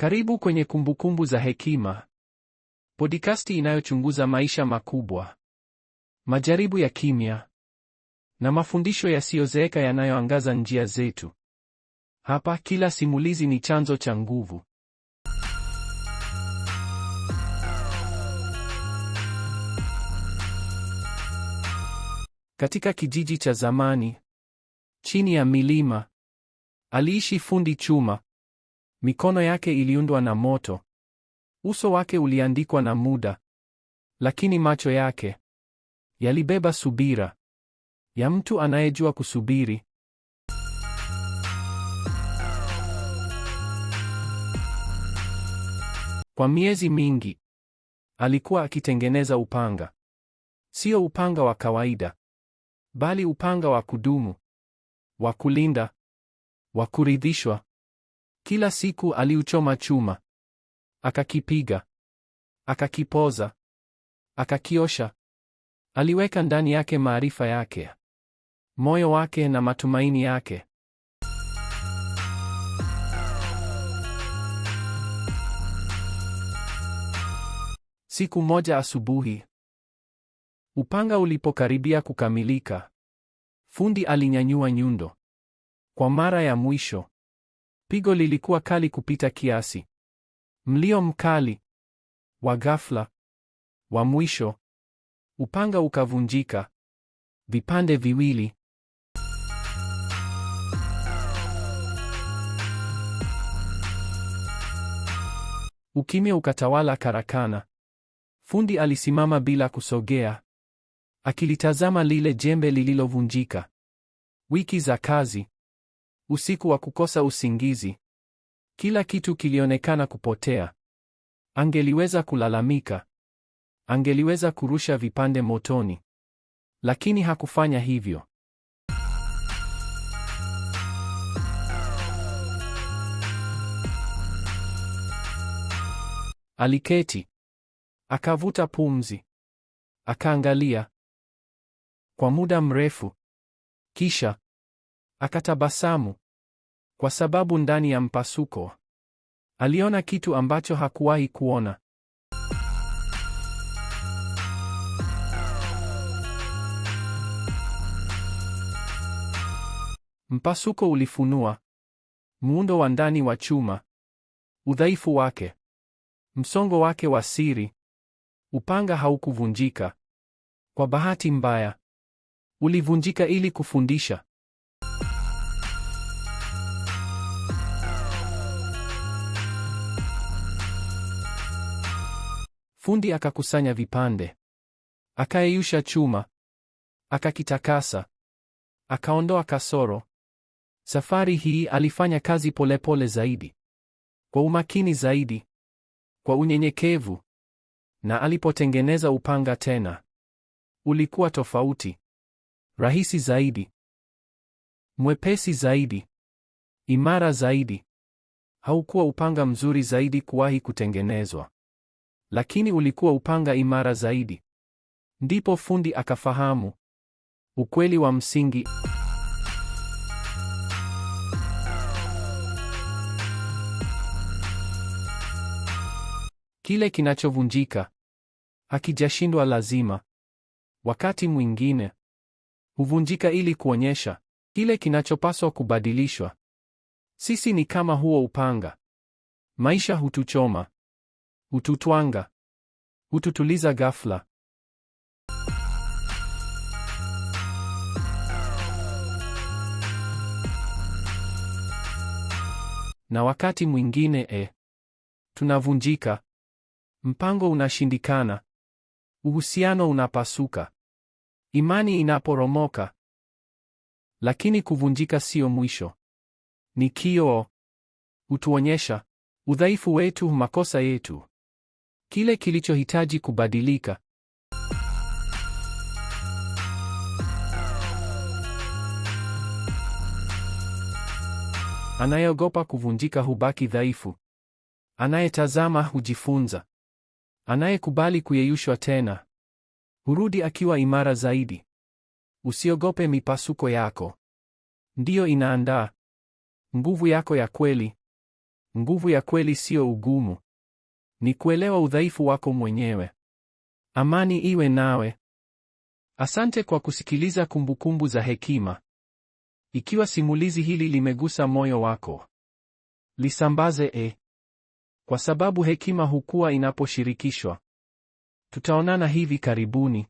Karibu kwenye Kumbukumbu za Hekima, podikasti inayochunguza maisha makubwa, majaribu ya kimya na mafundisho yasiyozeeka yanayoangaza njia zetu. Hapa kila simulizi ni chanzo cha nguvu. Katika kijiji cha zamani chini ya milima aliishi fundi chuma Mikono yake iliundwa na moto, uso wake uliandikwa na muda, lakini macho yake yalibeba subira ya mtu anayejua kusubiri. Kwa miezi mingi alikuwa akitengeneza upanga, sio upanga wa kawaida, bali upanga wa kudumu, wa kulinda, wa kuridhishwa. Kila siku aliuchoma chuma, akakipiga, akakipoza, akakiosha. Aliweka ndani yake maarifa yake, moyo wake na matumaini yake. Siku moja asubuhi, upanga ulipokaribia kukamilika, fundi alinyanyua nyundo kwa mara ya mwisho. Pigo lilikuwa kali kupita kiasi, mlio mkali wa ghafla wa mwisho. Upanga ukavunjika vipande viwili. Ukimya ukatawala karakana. Fundi alisimama bila kusogea, akilitazama lile jembe lililovunjika. Wiki za kazi, usiku wa kukosa usingizi. Kila kitu kilionekana kupotea. Angeliweza kulalamika, angeliweza kurusha vipande motoni, lakini hakufanya hivyo. Aliketi, akavuta pumzi, akaangalia kwa muda mrefu, kisha akatabasamu. Kwa sababu ndani ya mpasuko aliona kitu ambacho hakuwahi kuona. Mpasuko ulifunua muundo wa ndani wa chuma, udhaifu wake, msongo wake wa siri. Upanga haukuvunjika kwa bahati mbaya, ulivunjika ili kufundisha. Fundi akakusanya vipande, akayeyusha chuma, akakitakasa, akaondoa kasoro. Safari hii alifanya kazi polepole zaidi, kwa umakini zaidi, kwa unyenyekevu, na alipotengeneza upanga tena ulikuwa tofauti, rahisi zaidi, mwepesi zaidi, imara zaidi. Haukuwa upanga mzuri zaidi kuwahi kutengenezwa, lakini ulikuwa upanga imara zaidi. Ndipo fundi akafahamu ukweli wa msingi. Kile kinachovunjika hakijashindwa lazima. Wakati mwingine huvunjika ili kuonyesha kile kinachopaswa kubadilishwa. Sisi ni kama huo upanga, maisha hutuchoma, hututwanga, hututuliza ghafla. Na wakati mwingine e, tunavunjika, mpango unashindikana, uhusiano unapasuka, imani inaporomoka. Lakini kuvunjika sio mwisho, ni kioo, hutuonyesha udhaifu wetu, makosa yetu kile kilichohitaji kubadilika. Anayeogopa kuvunjika hubaki dhaifu. Anayetazama hujifunza. Anayekubali kuyeyushwa tena hurudi akiwa imara zaidi. Usiogope mipasuko yako, ndiyo inaandaa nguvu yako ya kweli. Nguvu ya kweli siyo ugumu ni kuelewa udhaifu wako mwenyewe. Amani iwe nawe. Asante kwa kusikiliza Kumbukumbu za Hekima. Ikiwa simulizi hili limegusa moyo wako, lisambaze e, kwa sababu hekima hukua inaposhirikishwa. Tutaonana hivi karibuni.